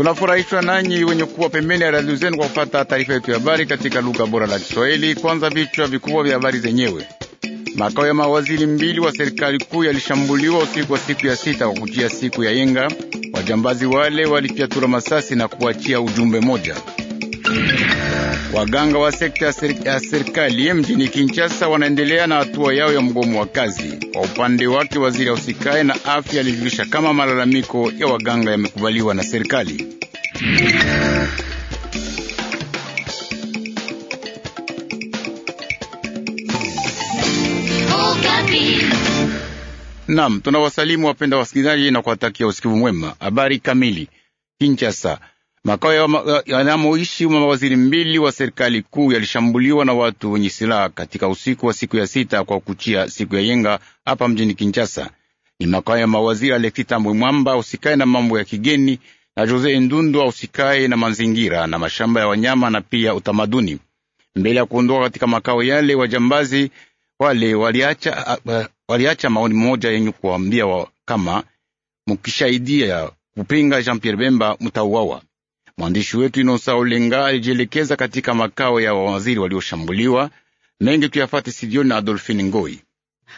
Tunafurahishwa nanyi wenye kuwa pembeni ya radio zenu kwa kufata taarifa yetu ya habari katika lugha bora la Kiswahili. Kwanza vichwa vikubwa vya habari zenyewe. Makao ya mawaziri mbili wa serikali kuu yalishambuliwa usiku wa siku ya sita kwa kuchia siku ya yenga. Wajambazi wale walifyatura masasi na kuachia ujumbe moja Waganga wa sekta ya serikali mjini Kinshasa wanaendelea na hatua yao ya mgomo wa kazi. Kwa upande wake, waziri ya usikae na afya alijulisha kama malalamiko ya waganga yamekubaliwa na serikali. Naam, tunawasalimu wapenda wasikilizaji na kuwatakia usikivu mwema. Habari kamili Kinshasa. Makao yanamoishi mawaziri mbili wa serikali kuu yalishambuliwa na watu wenye silaha katika usiku wa siku ya sita kwa kuchia siku ya yenga hapa mjini Kinshasa. Ni makao ya mawaziri Alexi Tambwe Mwamba usikae na mambo ya kigeni na Jose Ndundu usikae na mazingira na mashamba ya wanyama na pia utamaduni. Mbele ya kuondoka katika makao yale, wajambazi wale waliacha, waliacha maoni moja yenye kuwaambia kama mkishaidia kupinga Jean Pierre Bemba mtauawa. Mwandishi wetu Inosa Olenga alijielekeza katika makao ya wawaziri walioshambuliwa. Mengi tuyafate Sidioni na Adolfini Ngoi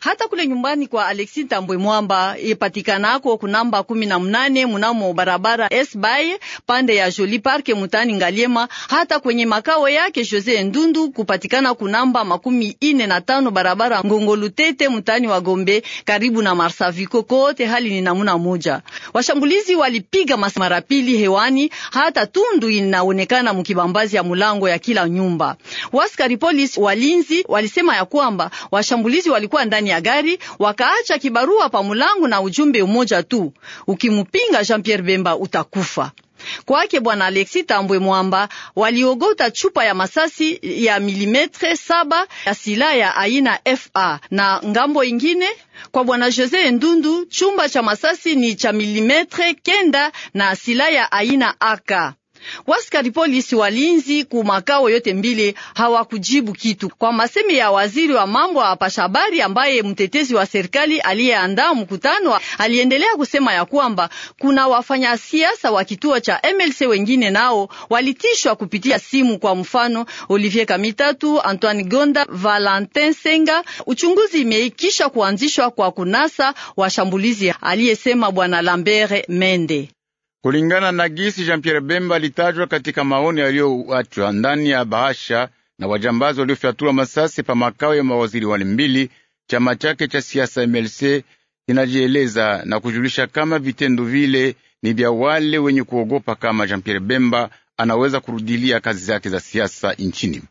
hata kule nyumbani kwa Alexi Tambwe Mwamba ipatikanako kunamba kumi na mnane munamo barabara Esbay pande ya Joli Park mutani Ngaliema, hata kwenye makao yake Jose Ndundu kupatikana kunamba makumi ine na tano barabara Ngongolutete mutani wa Gombe karibu na Marsaviko. Kote hali ni namuna moja, washambulizi walipiga masmara pili hewani, hata tundu inaonekana mukibambazi ya mulango ya kila nyumba. Waskari polisi walinzi walisema ya kwamba washambulizi walikuwa ndani ndani ya gari, wakaacha kibarua pa mulangu na ujumbe umoja tu: ukimupinga Jean Pierre Bemba utakufa. Kwake bwana Alexi Tambwe Mwamba waliogota chupa ya masasi ya milimetre saba ya sila ya aina FA na ngambo ingine kwa bwana Jose Ndundu chumba cha masasi ni cha milimetre kenda na sila ya aina aka. Waskari polisi walinzi ku makao yote mbili hawakujibu kitu kwa masemi ya waziri wa mambo ya pashabari, ambaye mtetezi wa serikali aliyeandaa mkutano aliendelea kusema ya kwamba kuna wafanyasiasa wa kituo cha MLC wengine nao walitishwa kupitia simu, kwa mfano Olivier Kamitatu, Antoine Gonda, Valentin Senga. Uchunguzi imeikisha kuanzishwa kwa kunasa washambulizi, aliyesema bwana Lambert Mende kulingana na gisi Jean Pierre Bemba litajwa katika maoni yaliyoachwa ndani ya bahasha na wajambazi waliofyatura masasi pa makao ya mawaziri wale mbili. Chama chake cha siasa MLC kinajieleza na kujulisha kama vitendo vile ni vya wale wenye kuogopa kama Jean Pierre Bemba anaweza kurudilia kazi zake za siasa nchini.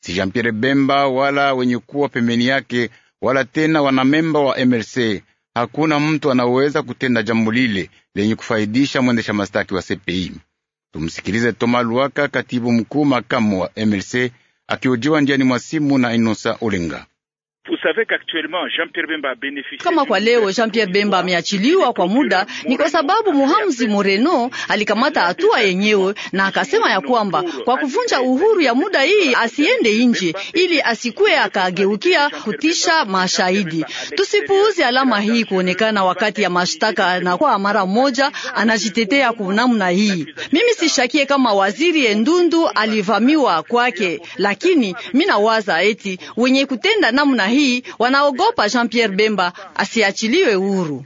Si Jean Pierre Bemba wala wenye kuwa pembeni yake wala tena wanamemba wa MLC. Hakuna mtu anaweza kutenda jambo lile lenye kufaidisha mwendesha mastaki wa CPI. Tumsikilize Toma Luaka, katibu mkuu makamu wa MLC, akiojiwa njiani mwa simu na Inosa Olenga. Kama kwa leo Jean Pierre Bemba ameachiliwa kwa muda, ni kwa sababu Muhamzi Moreno alikamata hatua yenyewe na akasema ya kwamba kwa kuvunja uhuru ya muda hii asiende nje, ili asikuwe akageukia kutisha mashahidi. Tusipuuzi alama hii kuonekana wakati ya mashtaka, na kwa mara moja anajitetea kwa namna hii. Mimi sishakie kama waziri Endundu alivamiwa kwake, lakini mimi nawaza eti wenye kutenda namna hii hii wanaogopa Jean Pierre Bemba asiachiliwe huru.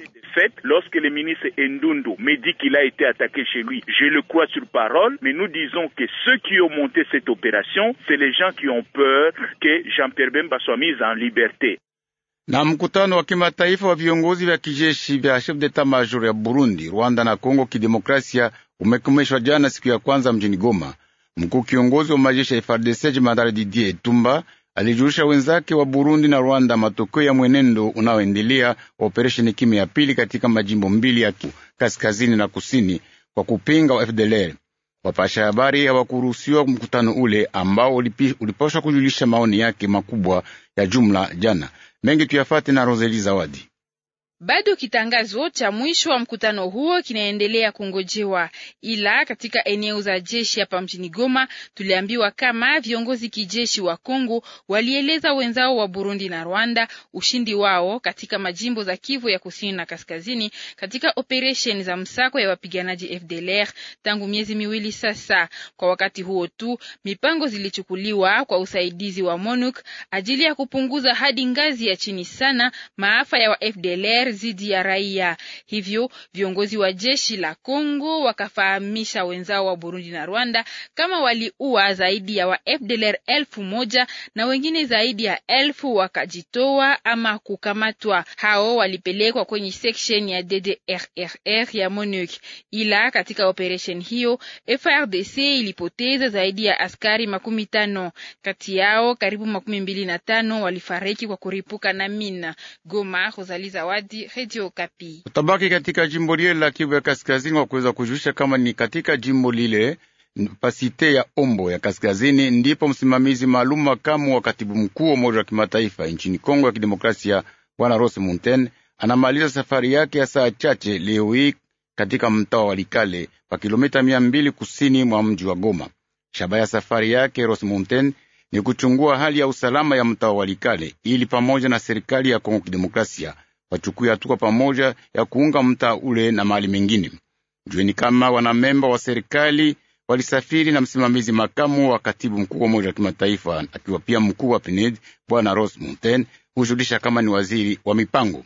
Lorsque le ministre Ndundu me dit qu'il a été attaqué chez lui, je le crois sur parole, mais nous disons que ceux qui ont monté cette opération, c'est les gens qui ont peur que Jean-Pierre Bemba soit mis en liberté. Na mkutano wa kimataifa wa viongozi vya kijeshi vya chef détat major ya Burundi, Rwanda na Kongo kidemokrasia umekomeshwa jana siku ya kwanza mjini Goma. Mkuu kiongozi wa majeshi ya FARDC Jemadari Didier Etumba alijulisha wenzake wa Burundi na Rwanda matokeo ya mwenendo unaoendelea wa operesheni kimya ya pili katika majimbo mbili ya kaskazini na kusini kwa kupinga wa FDLR. Wapasha habari hawakuruhusiwa mkutano ule ambao ulipaswa kujulisha maoni yake makubwa ya jumla jana. Mengi tuyafate na Roseli Zawadi. Bado kitangazo cha mwisho wa mkutano huo kinaendelea kungojewa, ila katika eneo za jeshi hapa mjini Goma tuliambiwa kama viongozi kijeshi wa Kongo walieleza wenzao wa Burundi na Rwanda ushindi wao katika majimbo za Kivu ya kusini na kaskazini katika operesheni za msako ya wapiganaji FDLR tangu miezi miwili sasa. Kwa wakati huo tu, mipango zilichukuliwa kwa usaidizi wa MONUC ajili ya kupunguza hadi ngazi ya chini sana maafa ya wa FDLR FDLR dhidi ya raia. Hivyo viongozi wa jeshi la Kongo wakafahamisha wenzao wa Burundi na Rwanda kama waliua zaidi ya wa FDLR elfu moja na wengine zaidi ya elfu wakajitoa ama kukamatwa. Hao walipelekwa kwenye section ya DDRRR ya MONUC, ila katika operation hiyo FRDC ilipoteza zaidi ya askari makumi tano, kati yao karibu makumi mbili na tano walifariki kwa kuripuka na mina. Goma, Rosali Zawadi zaidi Radio Kapi. Utabaki katika jimbo lile la Kivu ya kaskazini kwa kuweza kujulisha kama ni katika jimbo lile pasite ya Ombo ya kaskazini ndipo msimamizi maalum makamu wa katibu mkuu wa Umoja wa Kimataifa nchini Kongo ya Kidemokrasia Bwana Rose Munten anamaliza safari yake ya saa chache leo hii katika mtaa wa Likale pa kilomita mia mbili kusini mwa mji wa Goma. Shabaha ya safari yake Rose Munten ni kuchungua hali ya usalama ya mtaa wa Likale ili pamoja na serikali ya Kongo Kidemokrasia wachukue hatua pamoja ya kuunga mtaa ule na mali mengine. Jueni kama wanamemba wa serikali walisafiri na msimamizi makamu wa katibu mkuu wa Umoja wa Kimataifa akiwa pia mkuu wa PNUD Bwana Ross Mountain hushuhudisha kama ni waziri wa mipango.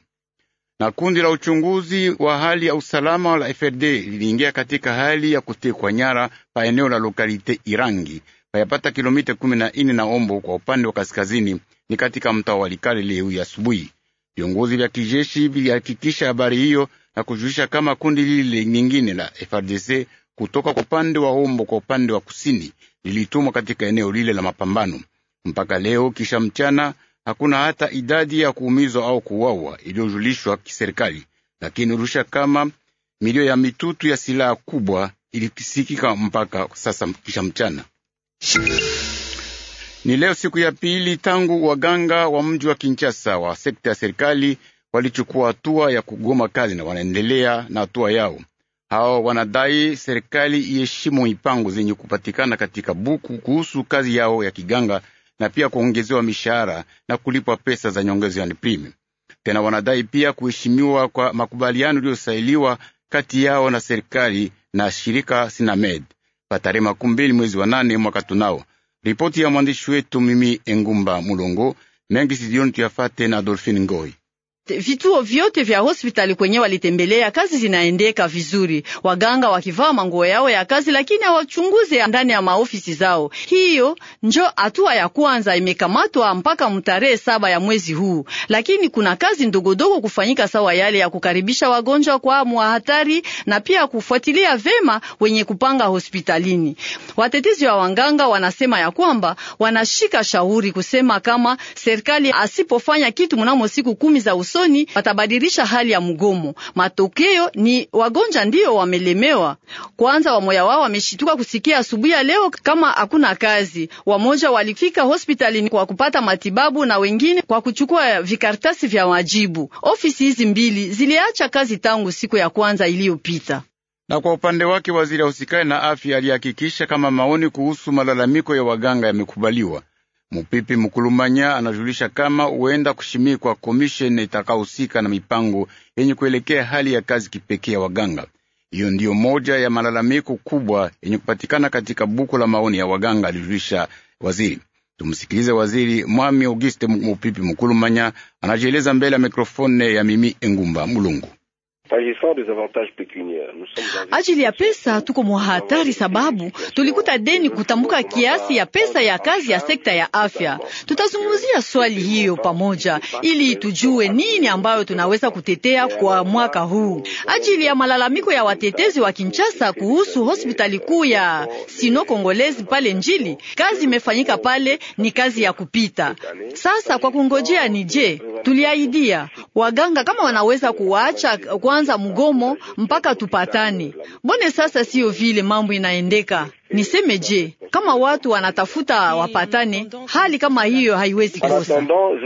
Na kundi la uchunguzi wa hali ya usalama la FRD liliingia katika hali ya kutekwa nyara pa eneo la lokalite Irangi payapata kilomita kumi na ine na Ombo kwa upande wa kaskazini, ni katika mtaa wa Likale leo asubuhi. Viongozi vya kijeshi vilihakikisha habari hiyo na kujulisha kama kundi lile nyingine la FRDC kutoka kwa upande wa Ombo kwa upande wa kusini lilitumwa katika eneo lile la mapambano. Mpaka leo kisha mchana hakuna hata idadi ya kuumizwa au kuuawa iliyojulishwa kiserikali, lakini rusha kama milio ya mitutu ya silaha kubwa ilisikika mpaka sasa kisha mchana. Ni leo siku ya pili tangu waganga wa mji wa Kinshasa wa sekta ya serikali walichukua hatua ya kugoma kazi na wanaendelea na hatua yao. Hao wanadai serikali iheshimu mipango zenye kupatikana katika buku kuhusu kazi yao ya kiganga na pia kuongezewa mishahara na kulipwa pesa za nyongezo, yani prime. Tena wanadai pia kuheshimiwa kwa makubaliano yaliyosailiwa kati yao na serikali na shirika Sinamed pa tarehe makumi mbili mwezi wa nane mwaka tunao Ripoti ya mwandishi wetu mimi Engumba Mulongo mengi sidioni tuyafate na Adolfine Ngoi vituo vyote vya hospitali kwenye walitembelea, kazi zinaendeka vizuri, waganga wakivaa manguo yao ya kazi, lakini hawachunguze ndani ya maofisi zao. Hiyo njo hatua ya kwanza imekamatwa mpaka mtarehe saba ya mwezi huu, lakini kuna kazi ndogodogo kufanyika sawa yale ya kukaribisha wagonjwa kwa muhatari na pia kufuatilia vema wenye kupanga hospitalini. Watetezi wa waganga wanasema ya kwamba wanashika shauri kusema kama serikali asipofanya kitu mnamo siku kumi za uso usoni watabadilisha hali ya mgomo. Matokeo ni wagonjwa ndiyo wamelemewa kwanza, wamoya wao wameshituka kusikia asubuhi ya leo kama hakuna kazi. Wamoja walifika hospitalini kwa kupata matibabu na wengine kwa kuchukua vikartasi vya wajibu. Ofisi hizi mbili ziliacha kazi tangu siku ya kwanza iliyopita. Na kwa upande wake waziri ya husikani na afya alihakikisha kama maoni kuhusu malalamiko ya waganga yamekubaliwa. Mupipi Mukulumanya anajulisha kama huenda kushimikwa komisheni itakaohusika na mipango yenye kuelekea hali ya kazi kipekee ya waganga. Hiyo ndiyo moja ya malalamiko kubwa yenye kupatikana katika buku la maoni ya waganga, alijulisha waziri. Tumsikilize waziri Mwami Auguste Mupipi Mukulumanya anajieleza mbele ya mikrofone ya Mimi Engumba Mulungu. Ajili ya pesa tuko hatari sababu tulikuta deni kutambuka kiasi ya pesa ya kazi ya sekta ya afya. Tutazungumzia swali hiyo pamoja, ili tujue nini ambayo tunaweza kutetea kwa mwaka huu. Ajili ya malalamiko ya watetezi wa Kinshasa kuhusu hospitali kuu ya Sino Kongolezi pale Njili, kazi imefanyika pale, ni kazi ya kupita. Sasa kwa kungojea ni je, tuliahidia waganga kama wanaweza kuwaacha kwa En attendant, je,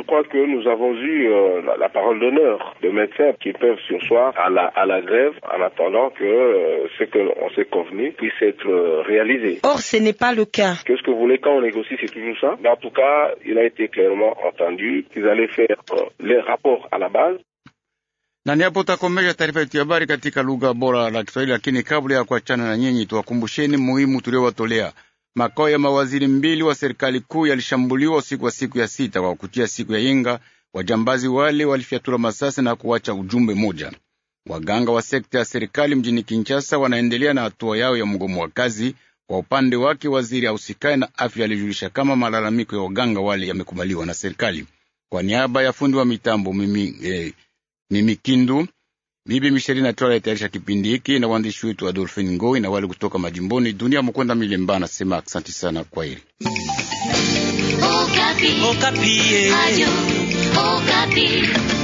crois que nous avons eu euh, la parole d'honneur de médecins qui peuvent sur à à la grève en attendant que euh, ce que on s'est convenu puisse être euh, réalisé. Or, ce n'est pas le cas. Qu'est-ce que vous voulez quand on négocie, c'est toujours ça. en tout cas, il a été clairement entendu qu'ils allaient faire les rapports à la base na ni hapo takomesha taarifa yetu ya habari katika lugha bora la Kiswahili. Lakini kabla ya kuachana na nyinyi, tuwakumbusheni muhimu tuliowatolea. Makao ya mawaziri mbili wa serikali kuu yalishambuliwa usiku wa siku ya sita kwa kutia siku ya yenga. Wajambazi wale walifyatula masasi na kuacha ujumbe moja. Waganga wa sekta ya serikali mjini Kinshasa wanaendelea na hatua yao ya mgomo wa kazi. Kwa upande wake, waziri ausikae na afya alijulisha kama malalamiko ya waganga wale yamekubaliwa na serikali. Kwa niaba ya fundi wa mitambo mimi eh, mimi Kindu Bibi Misheri na Twala itayarisha kipindi hiki na waandishi wetu Adolfin Ngoi na wale kutoka majimboni. Dunia Mkwenda Milemba anasema asante sana kwa hili Okapi. Okapi. Eh.